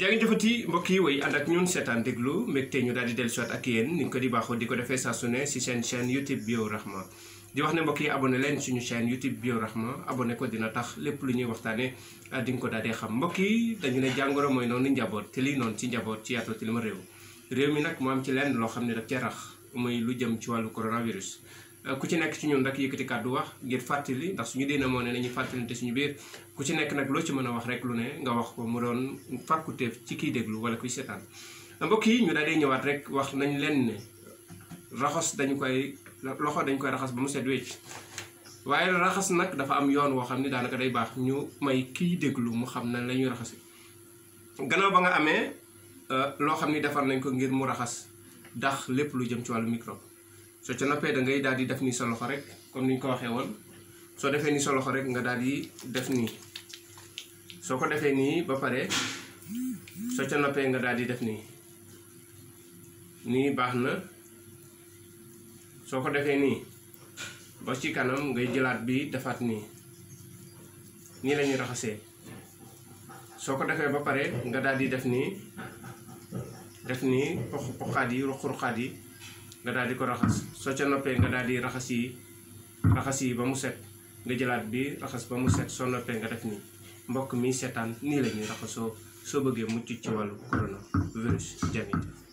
jërëjëfati mbokk yi woy ànd ak ñun seetaan déglu mbégte ñu daal di dellu siwaat ak yéen ni ko di baaxoo di ko defee saa su ne si seen chaîne YouTube Bio Rahma di wax ne mbokk yi abonné leen suñu chaîne YouTube Bio Rahma abonné ko dina tax lépp lu ñuy waxtaane ah, di nga ko daal di xam mbokk yi dañu ne jàngoro mooy noonu njaboot te lii noonu ci njaboot ci yaatu ci li ma réew réew mi nag mu am ci lenn loo xam ne daf ca rax muy lu jëm ci wàllu coronavirus Euh, ku ci nekk ci ñun rek yëkkati kàddu wax ngir fàttali ndax suñu diine moo ne nañu fàttalante suñu biir ku ci nekk nag loo ci mën a wax rek lu ne nga wax ko mu doon fàkkuteef ci kiy déglu wala kuy seetaan euh, mbokk yi ñu daal di ñëwaat rek wax nañ leen ne raxas dañu koy loxo dañ koy raxas ba mu set wecc waaye raxas nag dafa am yoon woo xam ne daanaka day baax ñu may kiy déglu mu xam nañ lañuy ñuy raxasi gannaaw ba nga amee euh, loo xam ni defar nañ ko ngir mu raxas ndax lépp lu jëm ci wàllu microbe soo ca noppee da ngay daal di def ni sa loxo rek comme ni ñu ko waxee woon soo defee nii soloxo loxo rek nga daal def nii soo ko defee nii ba pare soo ca noppee nga daal di def nii nii baax na soo ko defee nii ba ci kanam ngay jëlaat bi defaat nii nii la ñuy raxasee soo ko defee ba pare nga daal di def nii def nii poq poqaat yi ruq ruqaat yi nga daal di ko raxas soo ca noppee nga daal di raxas yi raxas yi ba mu set nga jëlaat bi raxas ba mu set soo noppee nga def nii mbokk mi seetaan nii la raxasoo soo bëggee mucc ci wàllu corona virus jami